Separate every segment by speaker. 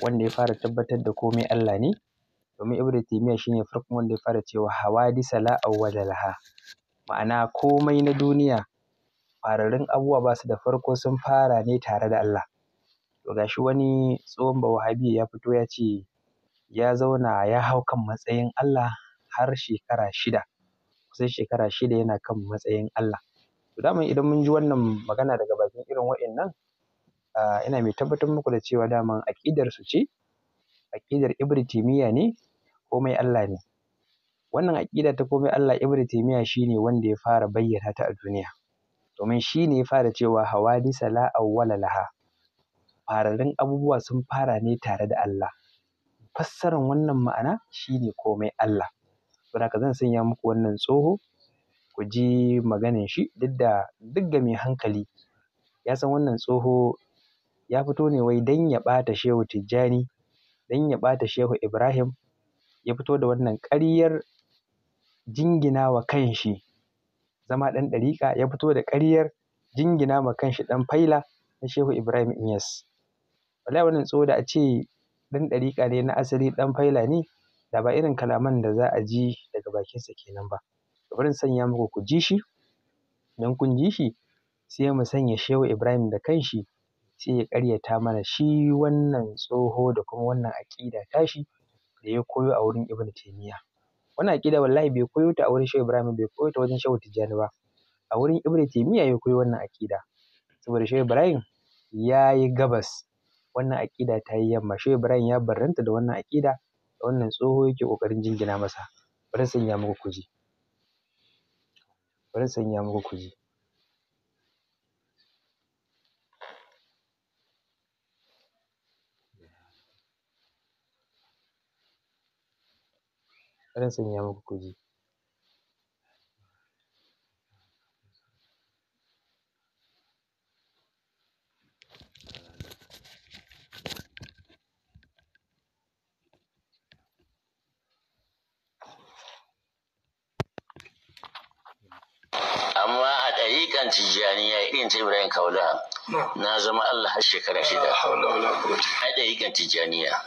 Speaker 1: wanda ya fara tabbatar da komai Allah ne domin ibnu shi shine farkon wanda ya fara cewa hawadisa la awwala laha ma'ana komai na duniya fararrun abubuwa ba su da farko sun fara ne tare da Allah to gashi wani tsohon bawahabi ya fito ya ce ya zauna ya hau kan matsayin Allah har shekara shida kusan shekara shida yana kan matsayin Allah to daman idan mun ji wannan magana daga bakin irin nan. Ah, ina mai tabbatar muku da cewa daman aƙidar su ce aƙidar ibn timiya ne komai Allah ne wannan aƙida ta komai Allah ibn timiya shine wanda ya fara bayyana ta a duniya domin shi ne ya fara cewa hawadisa la awwala laha fararin abubuwa sun fara ne tare da Allah fassarar wannan ma'ana shine komai Allah don haka zan sanya muku wannan tsoho ku ji maganin shi duk da duk ga mai hankali ya san wannan tsoho ya fito ne wai dan ya ɓata Shehu Tijjani dan ya ɓata Shehu Ibrahim ya fito da wannan ƙaryar jingina wa kanshi zama ɗan ɗariƙa ya fito da ƙaryar jingina ma kanshi ɗan faila na Shehu Ibrahim Inyas wallahi wannan tsoho da a ce ɗan ɗariƙa ne na asali ɗan faila ne da ba irin kalaman da za a ji daga bakinsa kenan ba bari in sanya muku ku ji shi idan kun ji shi sai mu sanya Shehu Ibrahim da kanshi sai ya ƙaryata mana shi wannan tsoho da kuma wannan aƙida tashi da ya koyo a wurin Ibn Taymiyyah. Wannan aƙida wallahi bai koyo ta a wurin Shehu Ibrahim bai koyo ta wajen Shehu Tijjani ba. A wurin Ibn Taymiyyah ya koyo wannan aƙida saboda Shehu Ibrahim ya yi gabas wannan aƙida ta yi yamma Shehu Ibrahim ya barranta da wannan aƙida da wannan tsoho yake ƙoƙarin jingina masa. Bari sanya muku kuji Bari sanya muku kuji Ran sanya muku a
Speaker 2: ɗariƙan tijjaniya irin ta ibrahim kaula na zama allah har shekara shida a ɗariƙan tijjaniya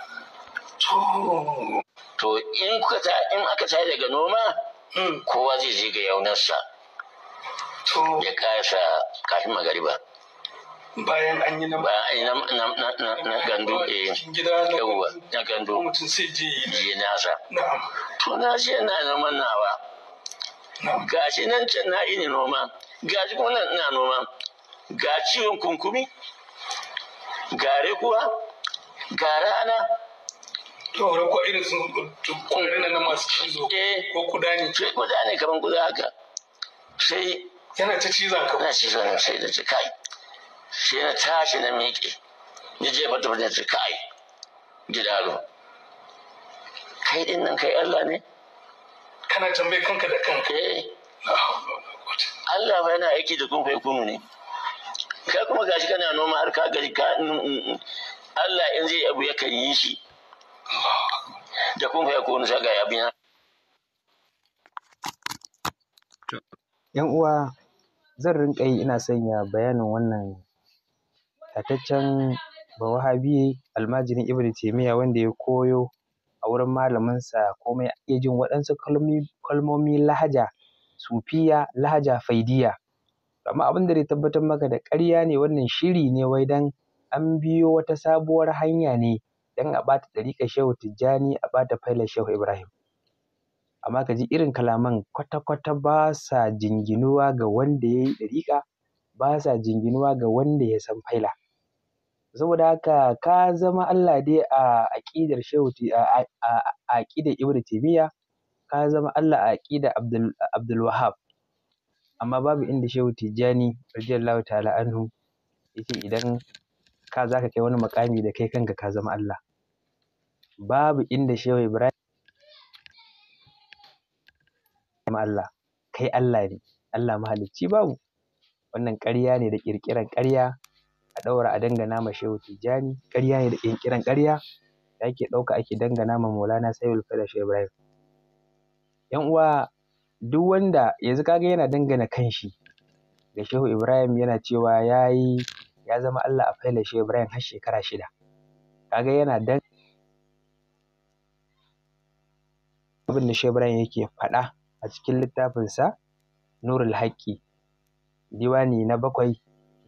Speaker 2: to in kuka in aka tare daga noma hmm. kowa zai je ga yaunarsa ya kasa kafin magariba bayan an yi na gandu yawwa na gandu eh, mutum sai je yi nasa to na ce na noman nawa gashi nan can na ini noma gashi kuma nan na noma ga ciwon kunkumi gare kuwa ga rana Yau ko irin sun kwarin na masu cizo eh. ko kuda ne. Sai kuda ne kamar kuda haka. Sai yana ta ciza ka. Yana ciza na sai da ce kai. Sai na tashi na miƙe. Ni je fata fata ce kai. Gidaro. Kai din nan kai Allah ne. Kana tambaye kanka da kanka. Eh. Allah fa yana aiki da kun kai kunu ne. Kai kuma gashi kana noma har ka gari ka mm, mm, mm. Allah in zai abu kan yi shi da kun ya biya
Speaker 1: yan uwa zan rinka yi ina sanya bayanin wannan tataccen bawahabi almajirin ibn taymiya wanda ya koyo a wurin malaminsa komai iya jin waɗansu kalmomi lahaja sufiya lahaja faidiya amma abin da zai tabbatar maka da ƙarya ne wannan shiri ne wai dan an biyo wata sabuwar hanya ne dan a bata ɗariƙar shehu tijjani a bata failar shehu ibrahim amma ka ji irin kalaman kwata-kwata ba sa jinginuwa ga wanda ya yi ɗariƙa ba sa jinginuwa ga wanda ya san faila saboda haka ka zama Allah dai a aƙidar shehu a aƙidar ibn taymiya ka zama Allah a aƙidar abdul wahab amma babu inda shehu tijjani radiyallahu ta'ala anhu yake idan ka za ka kai wani makami da kai kanka ka zama Allah babu inda shehu Ibrahim zama Allah kai Allah ne Allah mahalicci babu wannan ƙarya ne da ƙirƙiran ƙarya a ɗaura a dangana ma shehu Tijjani ƙarya ne da ƙirƙiran ƙarya da ake ɗauka ake dangana ma Maulana Sayyid Fada Shehu Ibrahim yan uwa duk wanda yanzu kaga yana dangana kanshi da Shehu Ibrahim yana cewa yayi ya zama Allah a failashe Ibrahim har shekara shida ga yana dan abin da Ibrahim yake faɗa a cikin littafinsa Nurul haƙƙi diwani na bakwai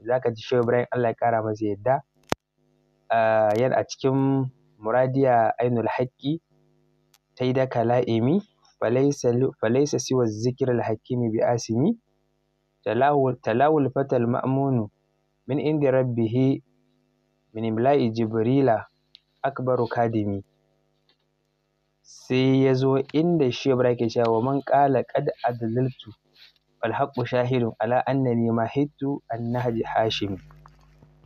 Speaker 1: zaka ji Shehu Allah ya ƙara masa yadda yan a cikin muradiya ainul yi daka la'imi falaisa siwa zikirar Hakimi bi asimi talawul fatal ma'munu min inda rabbihi min imla'i jibrila akbaru kadimi sai ya zo inda shi ya ke cewa man qala qad adlaltu wal haqqu shahidun ala annani mahittu annahaji hashim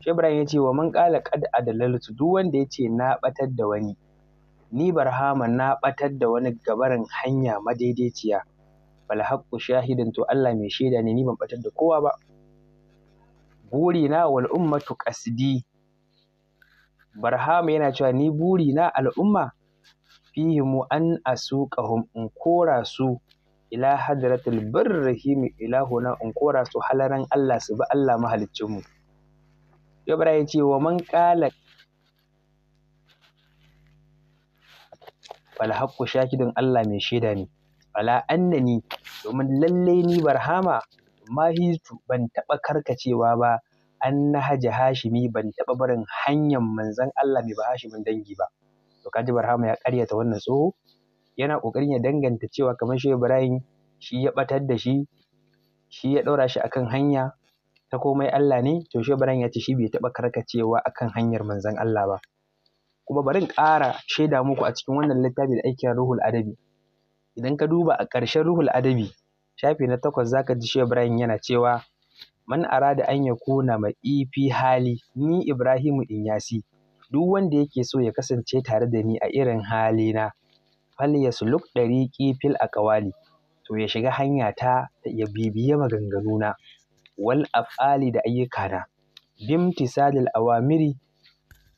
Speaker 1: shi ibrahim ya ce wa man qala qad adlaltu duk wanda ya ce na batar da wani ni barhama na batar da wani gabarin hanya madaidaiciya wal haqqu shahidun to Allah mai shaida ne ni ban batar da kowa ba burina wal ummatu qasdi barhamu yana cewa ni burina al'umma fihimu an asuqahum in kora su ila hadratil birrahimi ilahuna in kora su halaran Allah su bi Allah mu. Ibrahim ce wa man qala fal haqqu shakidun Allah mai shaida ne ala annani domin lalle ni barhama mahitu ban taɓa karkacewa ba an nahaji hashimi ban taɓa barin hanyar manzon Allah mai ba hashimin dangi ba to kaji barhama ya ƙaryata wannan tsoho yana ƙoƙarin ya danganta cewa kamar shi Ibrahim shi ya ɓatar da shi shi ya ɗora shi akan hanya ta komai Allah ne to shi Ibrahim ya ce shi bai taɓa karkacewa akan hanyar manzon Allah ba kuma bari in ƙara shaida muku a cikin wannan littafi da ake ruhul adabi idan ka duba a ƙarshen ruhul adabi shafi na takwas za ka ji Shehu Ibrahim yana cewa man arada an ya kuna ma'i fi hali ni Ibrahimu Inyasi duk wanda yake so ya kasance tare da ni a irin halina fal yasluk dariqi fil aqwali to ya shiga hanya ta ya bibiye na, wal af'ali da ayyukana bimtisalil awamiri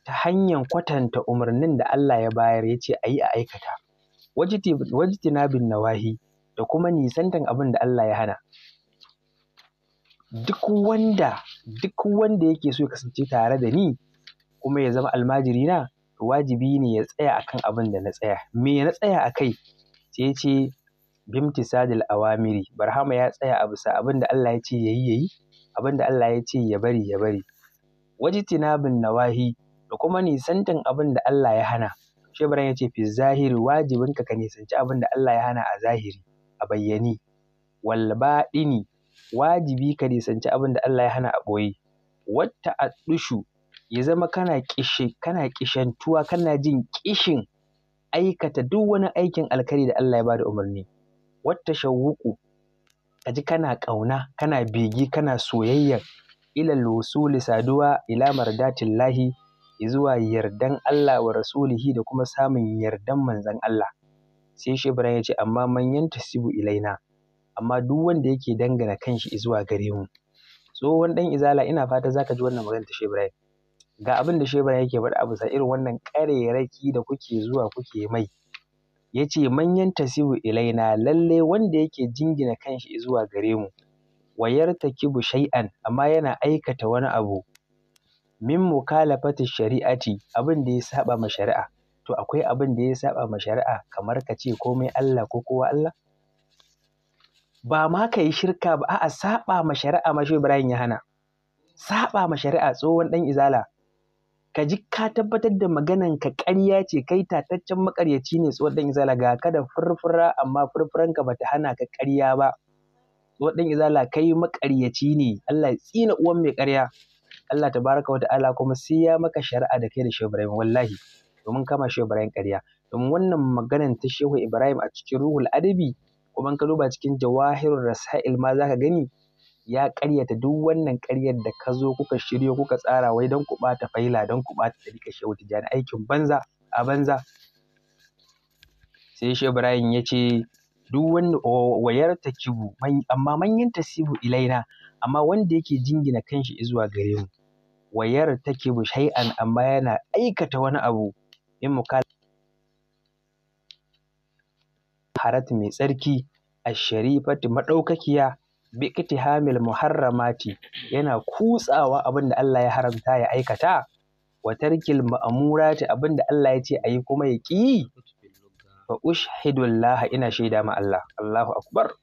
Speaker 1: ta hanyar kwatanta umarnin da Allah ya bayar ya ce a yi a aikata wajtina bin nawahi da kuma nisantan abin da Allah ya hana duk wanda duk wanda yake so ya kasance tare da ni kuma ya zama almajiri na wajibi ne ya tsaya akan abin da na tsaya me na tsaya a kai? sai ce bimtisadil awamiri barhama ya tsaya a bisa abin da Allah ya ce ya yi. abin da Allah ya ce ya bari ya bari wajtinabin nawahi da kuma nisantan abin da Allah ya hana Shebran ya ce fi zahiri wajibinka ka nisanci abin da Allah ya hana a zahiri a bayyane walbaɗini wajibi ka nisanci abin da Allah ya hana a ɓoye wata addushu ya zama kana kishi kana kishantuwa kana jin kishin aikata duk wani aikin alkhairi da Allah ya bada umarni wata shawuku ka ji kana ƙauna kana bege kana soyayya ilal wusuli saduwa ila mardatillahi zuwa yardan Allah wa rasulihi da kuma samun yardan manzon Allah sai shi Ibrahim ya ce amma manyan tasibu ilaina amma duk wanda yake dangana kanshi zuwa gare mu tsohon dan izala ina fata zaka ji wannan maganar ta shi ga abin da shi Ibrahim yake faɗa a bisa irin wannan ƙarerraki da kuke zuwa kuke mai ya ce tasibu tasibu ilaina lalle wanda yake jingina kanshi zuwa gare mu Wayar ta kibu shay'an amma yana aikata wani abu min mukalafati shari'ati abin da ya saba ma shari'a to akwai abin da ya saɓa ma shari'a kamar ka ce komai Allah ko kowa Allah ba ma ka yi shirka ba a'a saɓa ma shari'a ma shi Ibrahim ya hana saɓa ma shari'a tsohon ɗan izala ka ji ka tabbatar da maganan ka ƙarya ce kai tataccen maƙaryaci ne tsohon ɗan izala ga ka da furfura amma furfuranka ba ta hana ka ƙarya ba tsohon ɗan izala kai maƙaryaci ne Allah ya tsina uwan mai ƙarya Allah tabaraka wa ta'ala kuma sai ya maka shari'a da kai da shi Ibrahim wallahi domin kama Shehu Ibrahim ƙarya domin wannan maganan ta Shehu Ibrahim a cikin Ruhul Adabi kuma ka duba cikin Jawahirul Rasail ma zaka gani ya ƙaryata duk wannan ƙaryar da ka zo kuka shiryo kuka tsara wai don ku ɓata faila don ku ɓata ɗarika Shehu Tijjani aikin banza a banza sai Shehu Ibrahim ya ce duk wani wayar ta kibu amma manyan tasibu ilaina amma wanda yake jingina kanshi zuwa gare mu wayar ta kibu shai'an amma yana aikata wani abu in muka harat mai tsarki asharifati madaukakiya bi iktihamil muharramati yana kutsawa abin da Allah ya haramta ya aikata wa tarkil ma'amurati abin da Allah ya ce ayi kuma ya ƙi fa ushhidullah ina shaida ma Allah Allahu akbar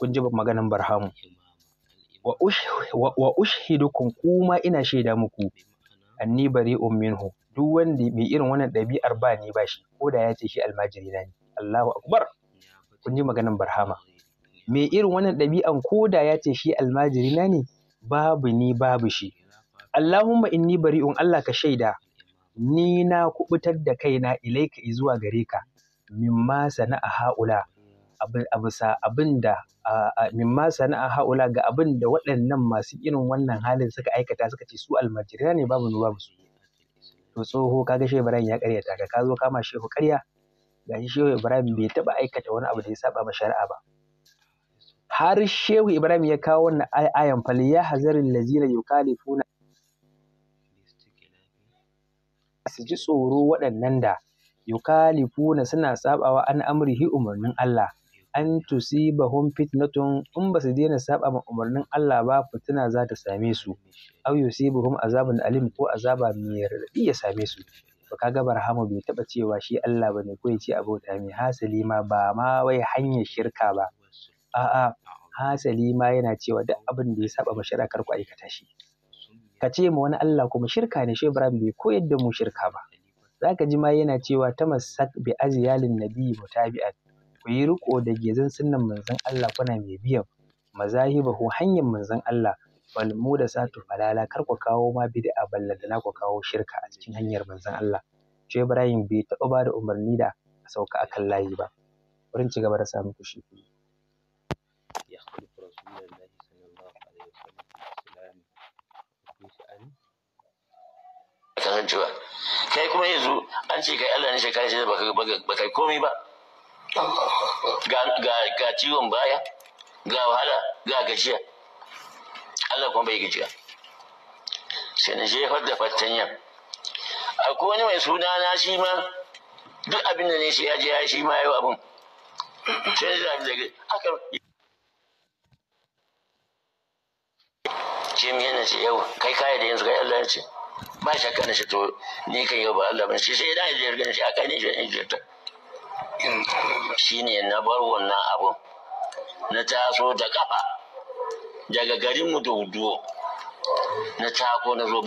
Speaker 1: kun ji maganan barhamu wa ushhidukum kuma ina shaida muku anni bari'un minhu duk wanda mai irin wannan ɗabi'ar ba ni ba shi ko da ya ce shi almajiri na ne Allahu akbar kun ji maganan barhama mai irin wannan ɗabi'an ko da ya ce shi almajiri na ne babu ni babu shi Allahumma inni bari'un Allah ka shaida ni na kubutar da kaina ilaika zuwa gare ka mimma sana'a haula a mimma sana'a haula ga abinda waɗannan masu irin wannan halin suka aikata suka ce su almajiri ne babu ni babu su to tsoho kaga shehu ibrahim ya karyata ka ka zo kama shehu karya gashi shehu ibrahim bai taba aikata wani abu da ya saba ma shari'a ba har shehu ibrahim ya kawo wannan ayan fal ya hazarin lazina yukalifuna su ji tsoro waɗannan da yukalifuna suna sabawa an amrihi umarnin Allah an tusibahum fitnatun in basu daina saba ma umarnin Allah ba fitina za ta same su aw buhun azabun alim ko azaba mai raɗaɗi ya same su to kaga barhamu bai taba cewa shi Allah bane ko yace abota mai hasali ma ba ma wai hanyar shirka ba a'a hasali ma yana cewa duk abin da ya saba ma shari'a ku aikata shi ka ce ma wani Allah kuma shirka ne shi Ibrahim bai koyar da mu shirka ba zaka ji ma yana cewa tamassak bi azyalin nabiyyi mutabi'at ku yi riƙo da gizon sunnan manzon Allah kuna mai biyan mazahibahu hanyar manzon Allah da satu falala kar ku kawo ma bid'a na ku kawo shirka a cikin hanyar manzon Allah shi Ibrahim bai taɓa ba da umarni da a sauka akan layi ba wurin ci gaba da sa muku shi cewa kai kuma yanzu
Speaker 2: an ce kai Allah ne shekara ce ba kai komai ba ga ciwon baya ga wahala ga gajiya Allah kuma bai gajiya sai na jefar da fattanyar akwai wani mai suna na shi ma duk abin da ne shi ya je ya shi ma yau abin sai da abin da aka ce mi yana ce yau kai kaya da yanzu kai Allah ya ce ba shakka na shi to ni kan yau ba Allah ba shi sai idan ya yarda shi aka ne shi ya ta. ne na bar wannan abun na taso da kafa daga garinmu da wuduwo na tako na zo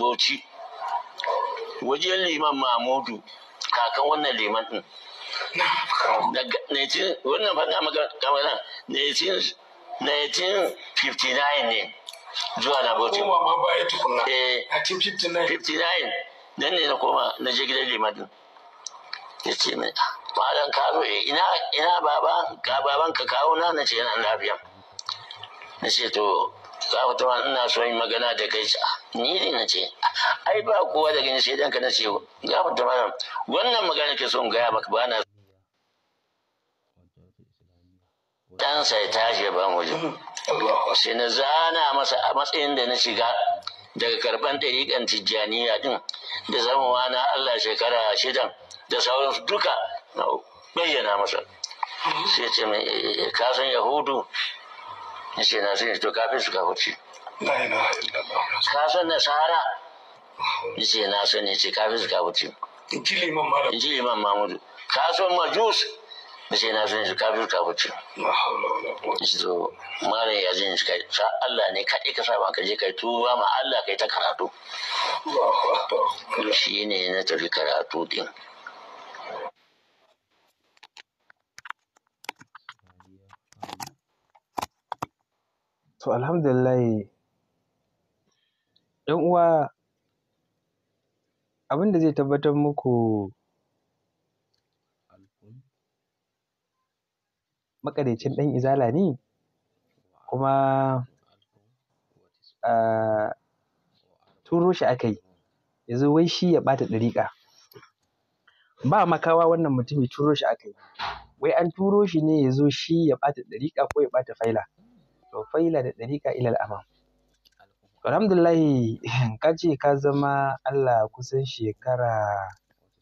Speaker 2: wajen liman mamudu kakan wannan liman din wannan fana magana 1959 ne zuwa na bauti kuma ma ya tukuna eh, a 59 59 nan ne na koma na je gidan liman din ya ce mai ah, malam zo eh, ina ina baba ka baban ka kawo na na ce yana lafiya na ce to za ku tawa ina so yin magana da kai ce ah, ni ne na ce ai ba kowa da gani sai dan ka na ce za ku tawa wannan magana ke son gaya maka ba na dan sai tashi ya ba mu sai na zana masa a matsayin da na shiga daga karban ɗariƙan tijjaniya ɗin da zama na Allah shekara shidan da sauransu duka na bayyana masa sai ce mai eh, ka yahudu ya ce na sun to kafin su kafurci ka san nasara ya ce na san ce kafin su kafurci in ji liman mamudu ka majus ya ce na san ce kafin su kafurci ya ce to mara ya jin shi sa Allah ne kaɗai ka saba ka je kai tuba ma Allah kai ta karatu shi ne na tafi karatu din
Speaker 1: To alhamdulillah, ‘yan uwa abin da zai tabbatar muku maƙaryaci ɗan izala ne kuma a turo shi aka yi, ya zo wai shi ya ɓata ɗariƙa. Ba makawa wannan ya turo shi aka yi, wai an turo shi ne ya zo shi ya ɓata ɗariƙa ko ya ɓata faila. faila da ɗariƙa ilal amam alhamdulillah ka ce ka zama Allah kusan shekara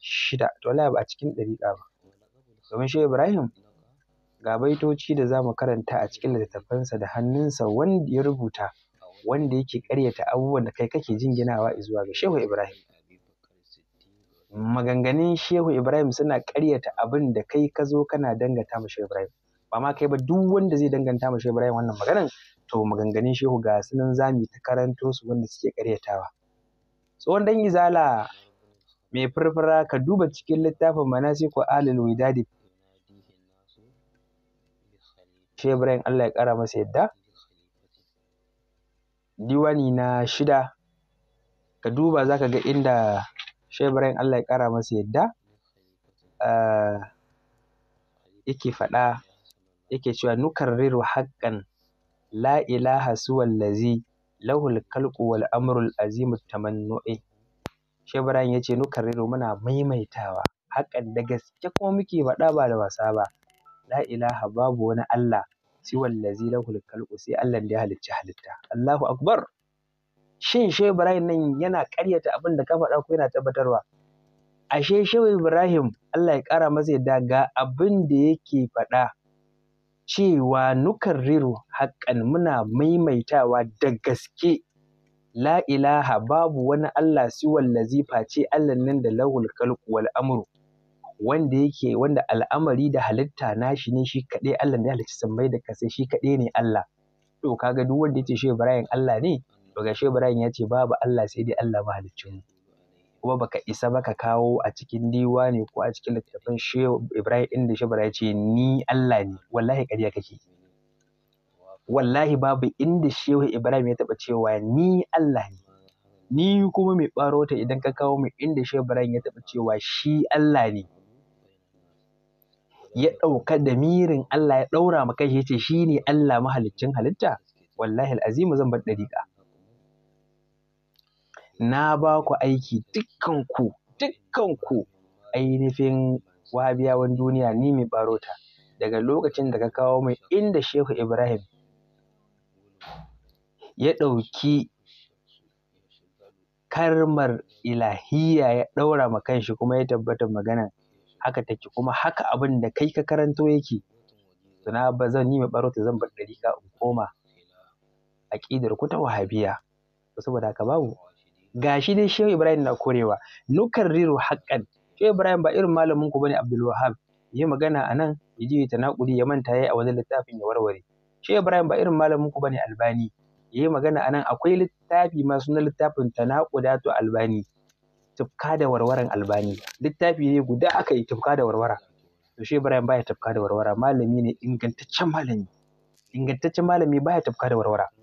Speaker 1: shida to wallahi ba a cikin ɗariƙa ba domin shehu ibrahim ga baitoci da za mu karanta a cikin littattafansa da hannunsa wanda ya rubuta wanda yake ƙaryata abubuwan da kai kake jinginawa zuwa ga shehu ibrahim maganganun shehu ibrahim suna ƙaryata abin da kai ka zo kana dangata ma shehu ibrahim ba ma kai ba duk wanda zai danganta ma Shehu Ibrahim wannan maganan to maganganun Shehu ga sunan zamu ta karanto su wanda suke karyatawa tsohon dan izala mai furfura ka duba cikin littafin ko alil widadi Shehu Ibrahim Allah ya kara masa yadda diwani na shida ka duba za ka ga inda Shehu Ibrahim Allah ya kara masa yadda eh, yake faɗa yake cewa nukarriru haƙƙan! la ilaha suwallazi lahul khalqu wal amrul azimu tamannu'i shi ibrahim yace nukarriru muna maimaitawa hakan da gaske kuma muke faɗa ba da wasa ba la ilaha babu wani Allah lazi, lahul khalqu sai Allah da ya halicci halitta Allahu akbar shin shi ibrahim nan yana ƙaryata abin da ka faɗa ko yana tabbatarwa ashe shi ibrahim Allah ya ƙara masa yadda ga abin da yake faɗa cewa nukarriru haƙƙan muna maimaitawa da gaske la ilaha babu wani Allah Lazifa ce Allah nan da lahul khalqu wal amru wanda yake wanda al'amari da halitta nashi ne shi kaɗai Allah ne san sammai da kasai shi kaɗai ne Allah to kaga duk wanda yace shi Ibrahim Allah ne to ga shi Ibrahim ya ce babu Allah sai dai Allah halicci mu kuma baka isa ba ka kawo a cikin diwani ko a cikin littattafan shehu ibrahim ɗin da shebara ya ce ni allah ne wallahi ƙarya kake wallahi babu inda shehu ibrahim ya taɓa cewa ni allah ne ni kuma mai ɓaro ta idan ka kawo mai inda shehu ibrahim ya taɓa cewa shi allah ne ya ɗauka da mirin allah ya ɗaura ma kai ya ce shi ne allah mahaliccin halitta wallahi al'azimu zan bar ɗariƙa na ba ku aiki dukkanku dukkanku ainihin wabiyawan duniya ni mai barota daga lokacin da ka kawo mai inda shehu ibrahim ya ɗauki karmar ilahiya ya ɗaura ma kanshi kuma ya tabbatar magana haka take kuma haka abin da kai ka karanto yake suna ba zan yi mai ta zan bar ɗarika in koma aƙidar ku ta wahabiya saboda haka babu Ga shi dai shehu ibrahim na korewa riru haƙƙan! shehu ibrahim ba irin malamin ku bane abdul wahab yi magana a nan ya ji ta naƙuri ya manta yayi a wajen littafin ya warware shehu ibrahim ba irin malamin ku bane albani yayi magana a nan akwai littafi ma na littafin ta to albani tufka da warwaran albani littafi ne guda aka yi tufka da warwara to shehu ibrahim baya tufka da warwara malami ne ingantaccen malami ingantaccen malami baya tufka da warwara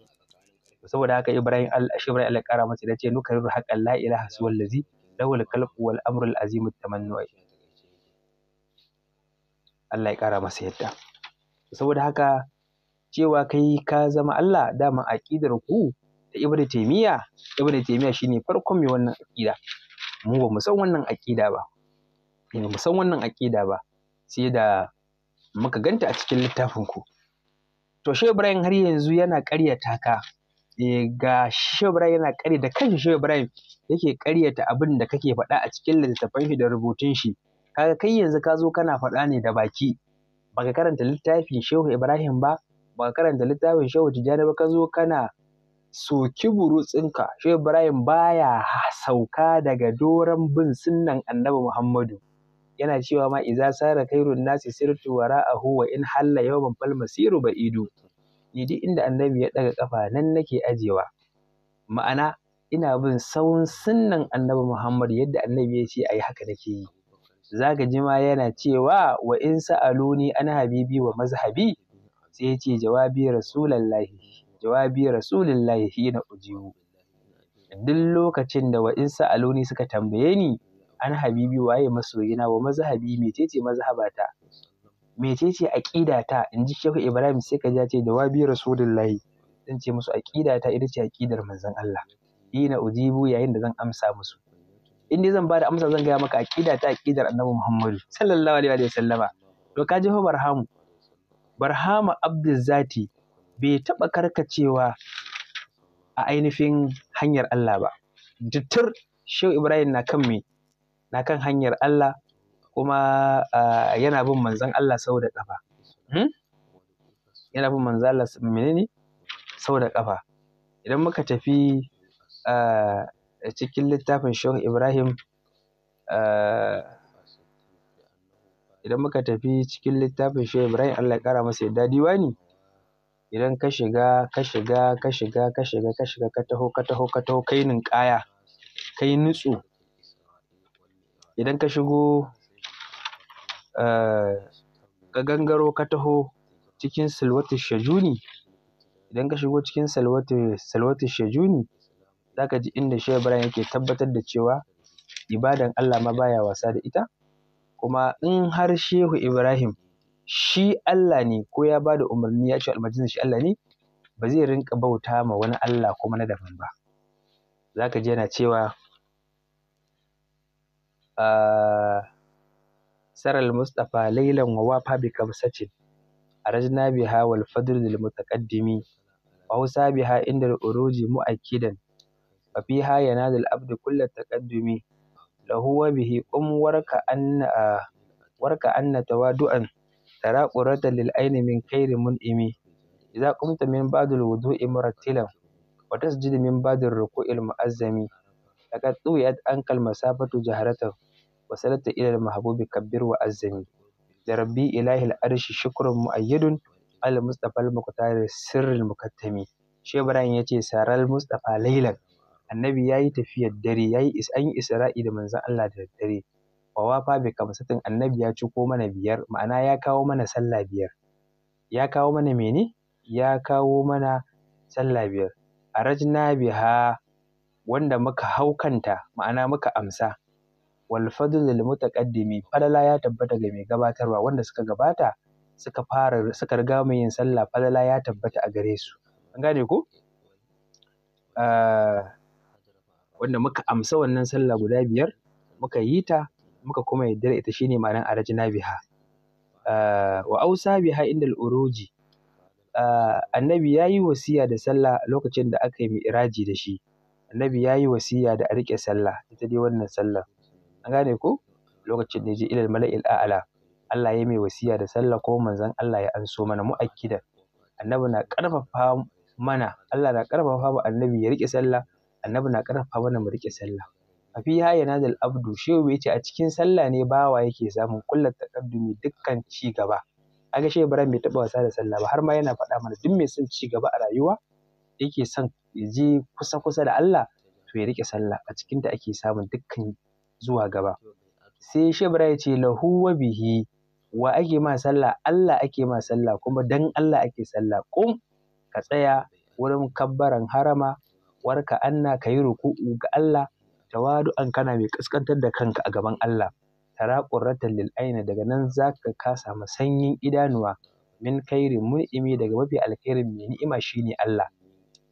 Speaker 1: saboda haka Ibrahim al shi Ibrahim Allah kara masa da ce nukarir haqqan la ilaha siwallazi lawal khalqu wal amru al azim at-tamannu Allah ya kara masa yadda saboda haka cewa kai ka zama Allah dama aqidar ku da Ibn Taymiya Ibn Taymiya shine farkon mai wannan aqida mu ba mu san wannan aqida ba ba mu san wannan aqida ba sai da muka ganta a cikin littafin ku to shi Ibrahim har yanzu yana ƙaryata ka Eh, ga Shehu Ibrahim yana ƙarya da kanshi Shehu Ibrahim yake ƙaryata abin da kake faɗa a cikin littattafan shi da rubutun shi kaga kai yanzu ka zo kana faɗa ne da baki baka karanta littafin Shehu Ibrahim ba baka karanta littafin Shehu Tijjani ba ka zo kana soki burutsinka Shehu Ibrahim baya sauka daga doron bin sunnan Annabi Muhammadu yana cewa ma iza sara kairun nasi sirtu wara'ahu wa in halla yawman fal masiru ba'idu ni duk inda annabi ya ɗaga ƙafa nan nake ajewa ma'ana ina bin sawun sunnan annabi muhammad yadda annabi ya ce a yi haka nake yi za ji ma yana cewa wa in sa'aluni an habibi wa mazhabi sai ya ce jawabi rasulallahi jawabi rasulillahi shi na ujiyu duk lokacin da wa in sa'aluni suka tambaye ni an habibi waye masoyina wa mazhabi mecece mazhabata mecece aƙida ta in ji shehu ibrahim sai ka ja ce jawabi rasulullahi zan ce musu aƙida ta ita ce aƙidar manzon Allah ina ujibu yayin da zan amsa musu in zan zan bada amsa zan gaya maka aƙida ta annabi Muhammadu sallallahu alaihi wa sallama to ka jefa barhamu barhama abdulzati bai taɓa karkacewa a ainihin hanyar Allah ba dutur shehu ibrahim na kan me na kan hanyar Allah kuma ah, yana bin manzon Allah sau da ƙafa hmm? yana bin manzon Allah menene sau da ƙafa idan muka tafi ah, cikin littafin Shehu Ibrahim ah, idan muka tafi cikin littafin Shehu Ibrahim Allah ya ƙara masa yadda diwani idan ka shiga ka shiga ka shiga ka shiga ka shiga ka taho ka taho ka taho kai ninkaya kai nutsu idan ka shigo Eh, ka gangaro ka taho cikin salwatu shajuni idan ka shigo cikin salwatu salwatu shajuni za ka ji inda Shehu Ibrahim yake tabbatar da cewa ibadan Allah ma baya wasa da ita kuma in har Shehu Ibrahim shi Allah ne ko ya ba da umarni ya ce almajin shi Allah ne ba zai rinka bauta ma wani Allah kuma na daban ba za ka ji yana cewa ah, سر المصطفى ليلا ووافى بكبسة أرجنا بها والفضل للمتقدم وأوصى بها عند الأروج مؤكدا ففيها ينال الأبد كل التقدم له وبه قم ورك أن ورك أن توادؤا ترى قرة للعين من خير منئم إذا قمت من بعد الوضوء مرتلا وتسجد من بعد الركوع المؤزم لقد طويت أنك المسافة جهرته وسلت إلى المحبوب Da وأزمي لربي arshi الأرش mu ayyadun على المصطفى المقتار السر sirrin shi Ibrahim ya ce saral Mustapha lailan annabi ya yi tafiyar dare ya yi an yi isra'i da manzon Allah da daddare wa wafa bi kamsatin annabi ya ciko mana biyar ma'ana ya kawo mana sallah biyar ya kawo mana mene ya kawo mana sallah biyar arajna biha wanda muka haukanta ma'ana muka amsa wal lil mutaqaddimi falala ya tabbata ga mai gabatarwa wanda suka gabata suka fara suka riga mai yin sallah falala ya tabbata a gare su an gane ko ah, wanda muka amsa wannan sallah guda biyar muka yi ta muka kuma yarda da ita shine ma'anar arajina biha ah, wa ausa biha inda al'uruji ah, annabi ya yi wasiya da sallah lokacin da aka yi mi'raji da shi annabi ya yi wasiya da a riƙe sallah ita dai wannan sallah an gane ko lokacin da ya je ilal mala'il a'ala Allah ya mai wasiya da sallah ko manzon Allah ya anso mana mu'akkida annabi na ƙarfafa mana Allah na karfafa mu annabi ya rike sallah annabi na karfafa mana mu rike sallah a fi ha ya nazal abdu shehu ya ce a cikin sallah ne bawa yake samun kullar taqaddumi dukkan ci gaba aga shi bara bai taba wasa da sallah ba har ma yana faɗa mana duk mai son ci gaba a rayuwa yake son ya je kusa kusa da Allah to ya rike sallah a cikin da ake samun dukkan zuwa gaba sai shebra ya ce lahu wa bihi wa ake ma sallah Allah ake ma sallah kuma dan Allah ake sallah kum ka tsaya wurin kabbaran harama warka anna ka ruku'u ga Allah tawadu an kana mai kaskantar da kanka a gaban Allah tara qurratan lil aina daga nan zaka ka ma sanyin idanuwa min kairi mun'imi daga mafi alkhairin mai ni'ima shine Allah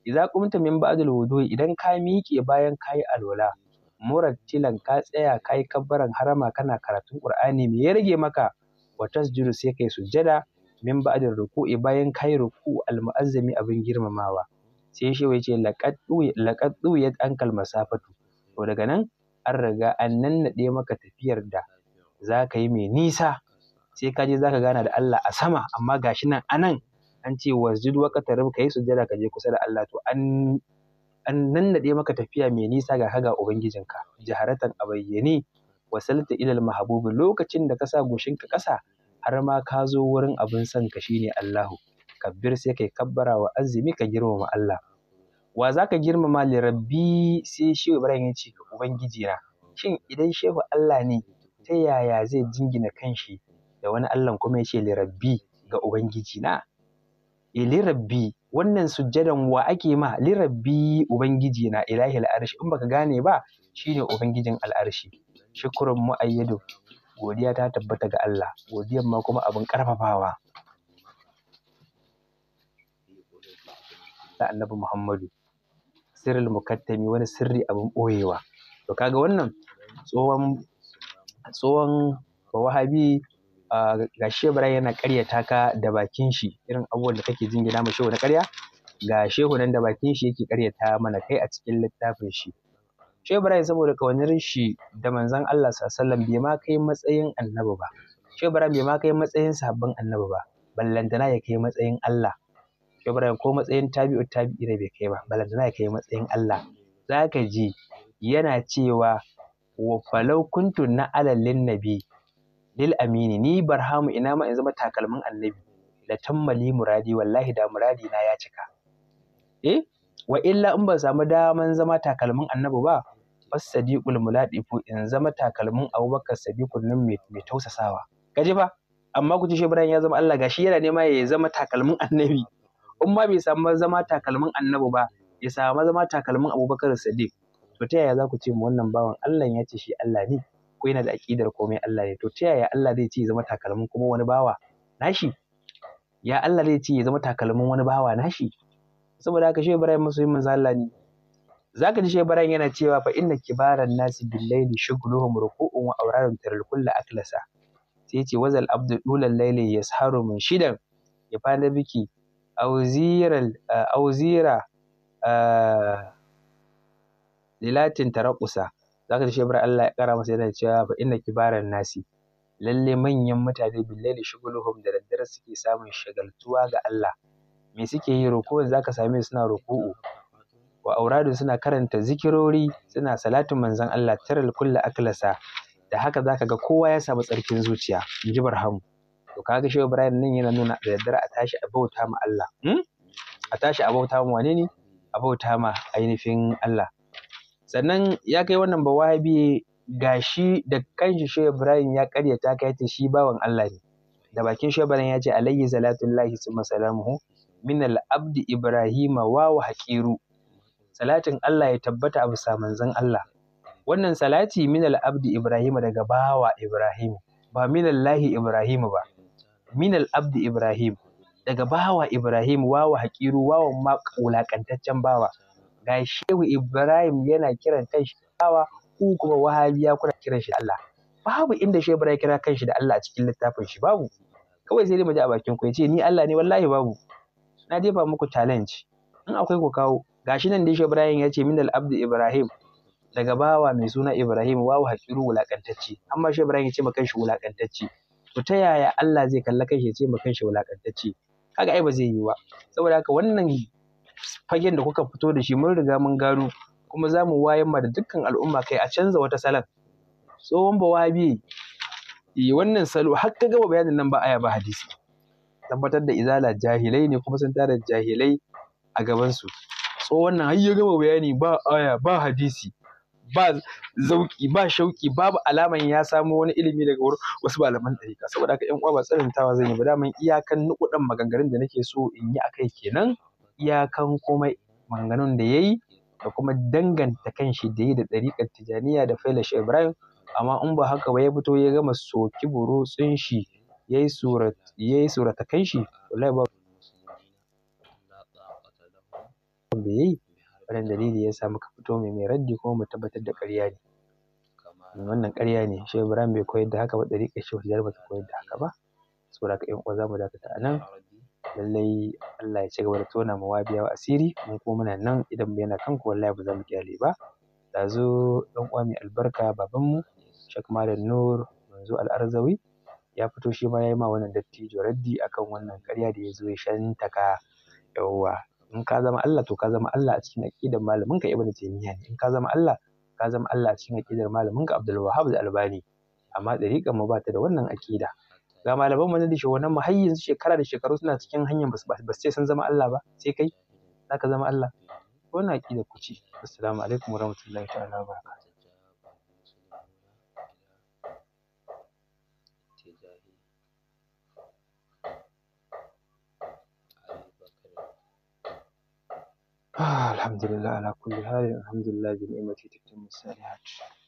Speaker 1: idza qumta min ba'dal wudu'i idan ka miƙe bayan kayi alwala murar tilan ka tsaya ka yi kabbaran harama kana karatun Qur'ani me ya rage maka wa tasjudu sai kai sujjada min ba'da ruku'i bayan kai ruku almu'azzami abin girmamawa sai shi ya ce laqad duwiyat ankal masafatu to daga nan an riga an nannaɗe maka tafiyar da za yi mai nisa sai ka je za gana da Allah a sama amma gashi nan anan an ce wasjud waqtarib kai sujjada ka je kusa da Allah to an an nannaɗe maka tafiya mai nisa ga kaga ubangijinka jaharatan a bayyane wasalta ilal mahabubi lokacin da ka sa ka ƙasa har ma ka zo wurin abin son ka shine Allahu kabbir sai kai kabbara wa azumi ka girmama Allah wa za ka girmama li rabbi sai shi ibrahim ya ce ubangiji na shin idan shehu Allah ne ta yaya zai jingina kanshi da wani Allah kuma ya ce li rabbi ga ubangiji na eh, li rabbi wannan sujjadan wa ake ma lirabbi ubangiji na ilahil arshi in baka gane ba shine ubangijin al'arshi Shukurin muayyadu godiya ta tabbata ga Allah godiyar ma kuma abin karfafawa da annabi Muhammadu sirrul mukattami wani sirri abin ɓoyewa to kaga wannan tsohon tsohon wahabi ga shebura yana karyata ka da bakin shi irin abubuwan da kake jingina ma shehu na karya. ga shehu nan da bakin shi yake karyata mana kai a cikin littafin shi Shebura ibrahim saboda kawanin shi da manzon Allah sallallahu bai ma kai matsayin annabi ba shehu bai ma kai matsayin sabbin annabi ba ballantana ya kai matsayin Allah shehu ko matsayin tabi'u tabi'i da bai kai ba ballantana ya kai matsayin Allah zaka ji yana cewa wa falau kuntu na alallin nabi lil amini ni barhamu ina ma in zama takalmin annabi la tammali muradi wallahi da muradi na ya cika eh wa illa in ban samu daman zama takalmin annabi ba bas sadiqul ko in zama takalmin abubakar sadiqul nan mai tausasawa kaje fa amma ku ce shi Ibrahim ya zama Allah gashi yana nema ya zama takalmin annabi in ma bai samu zama takalmin annabi ba ya samu zama takalmin abubakar sadiq to ta yaya za ku ce mu wannan bawan Allah ya ce shi Allah ne ko yana da aƙidar komai Allah ne to ta yaya Allah zai ce ya zama takalmin kuma wani bawa nashi ya Allah zai ce ya zama takalmin wani bawa nashi saboda haka shehu Ibrahim yin manzo Allah ne zaka ji shehu Ibrahim yana cewa fa inna kibaran nasi billaili shughluhum ruku'un wa awrarun taral kullu aklasa sai ce wazal abdu dulal laili yasharu min shidan ya fada biki auziral auzira lilatin tarakusa zaka ji shebra Allah ya kara masa yana cewa fa inna kibaran nasi lalle manyan mutane billahi shuguluhum da daddare suke samun shagaltuwa ga Allah me suke yi wanda zaka same su suna ruku'u wa auradu suna karanta zikirori suna salatin manzon Allah taral kullu aklasa da haka zaka ga kowa ya samu tsarkin zuciya in ji barhamu to kaga shehu ibrahim nan yana nuna da daddare a tashi a bauta ma Allah hmm? a tashi a bauta ma wane a bauta ma ainihin Allah sannan ya kai wannan ba wahabi ga shi da kanshi shehu ibrahim ya ta kai ta shi bawan Allah ne da bakin shehu ibrahim ya ce alayhi salatu salatullahi summa salamuhu min al-abdi Ibrahim wa wa haqiru salatin Allah ya tabbata abu sa manzon Allah wannan salati min al-abdi Ibrahim daga bawa ibrahim ba min Allahi ibrahim ba min al-abdi ibrahim daga bawa ibrahim wa wa haqiru wa ma bawa ga shehu ibrahim yana kiran kanshi da Allah ku kuma wahabiya kuna kiran shi da Allah babu inda shehu ibrahim kira kanshi da Allah a cikin littafin shi babu kawai sai dai mu ji a bakin ku yace ni Allah ne wallahi babu na jefa muku challenge in akwai ku kawo gashi nan dai shehu ibrahim yace min al abdu ibrahim daga bawa mai suna ibrahim wawu hakiru wulakantacce amma shehu ibrahim yace ma kanshi wulakantacce to ta yaya Allah zai kalla kanshi ya ce ma kanshi wulakantacce kaga ai ba zai yi ba saboda haka wannan fagen da kuka fito da shi mun riga mun gano kuma za mu wayar ma da dukkan al'umma kai a canza wata salon tsohon bawabi eh, wannan salo har ka gaba bayanin nan ba aya ba hadisi tabbatar da izala jahilai ne kuma sun tara jahilai a gabansu tsohon nan har ya gama bayani ba aya ba hadisi ba zauki ba shauki babu alaman ya samo wani ilimi daga wasu malaman dariƙa saboda haka ƴan uwa ba tawa zan yi ba daman iyakan nukuɗan maganganun da nake so in yi akai kenan iyakan komai maganganun da ya yi da kuma danganta kanshi da yi da ɗariƙar tijaniya da failash ibrahim amma in ba haka ba ya fito ya gama soki burutsun shi ya yi surata kanshi wallahi ba da ya yi wannan dalili ya muka fito mai mai raddi kuma mu tabbatar da ƙarya ne wannan ƙarya ne shi ibrahim bai koyar da haka ba ɗariƙar shi ba ta koyar da haka ba saboda haka ƴan uwa za dakata a lallai Allah ya ci gaba da tona ma wabiya asiri mu kuma muna nan idan mu yana kanku wallahi ba za mu ƙyale ba zo ɗan uwa mai albarka babanmu Sheikh Malam Nur Manzo Al-Arzawi ya fito shi ma ya yi ma wannan dattijo raddi akan wannan ƙarya da ya zo ya shantaka yawwa in ka zama Allah to ka zama Allah a cikin aƙidar malamin ka Ibn Taymiyyah ne in ka zama Allah ka zama Allah a cikin aƙidar malamin ka Abdul Wahhab Al-Albani amma ɗariƙar mu ba ta da wannan aƙida ga malaman mu da wannan mu har yanzu shekara da shekaru suna cikin hanyar ba su ce sun zama Allah ba sai kai zaka zama Allah wannan aqida ku ce assalamu alaikum warahmatullahi ta'ala wa barakatuh ah, Alhamdulillah ala kulli حال alhamdulillah bi ni'mati تتم salihat